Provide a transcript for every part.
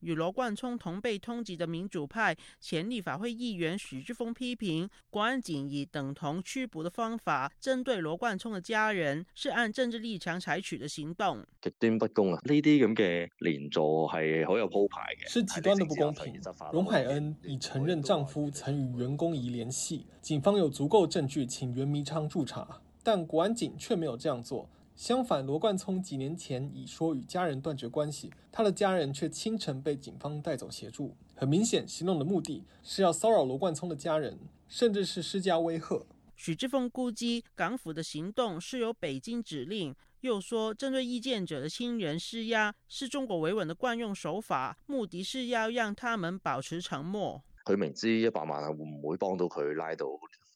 與羅冠聰同被通緝的民主派前立法會議員許智峰批評，國安警以等同拘捕的方法針對羅冠聰的家人，是按政治立場採取的行動，極端不公啊！呢啲咁嘅連坐係好有鋪排嘅，是極端的不公平。容海恩已承認丈夫曾與袁弓夷聯繫，警方有足夠證據，請袁彌昌駐查，但國安警卻沒有這樣做。相反，羅冠聰幾年前已說與家人斷絕關係，他的家人卻清晨被警方帶走協助。很明顯，行動的目的是要騷擾羅冠聰的家人，甚至是施加威吓。許智峰估計，港府的行動是由北京指令，又說針對異見者的親人施壓，是中國維穩的慣用手法，目的是要讓他們保持沉默。佢明知一百萬係會唔會幫到佢拉到？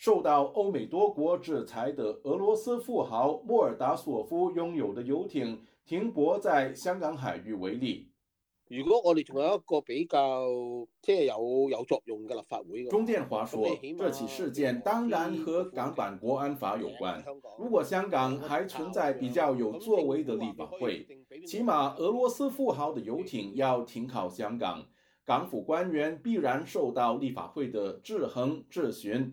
受到歐美多國制裁的俄羅斯富豪莫爾達索夫擁有的遊艇停泊在香港海域為例，如果我哋仲有一個比較即、就是、有有作用嘅立法會嘅話，鍾建華說起這起事件當然和港版國安法有關。如果香港還存在比較有作為嘅立法會，起碼俄羅斯富豪的遊艇要停靠香港，港府官員必然受到立法會的制衡質詢。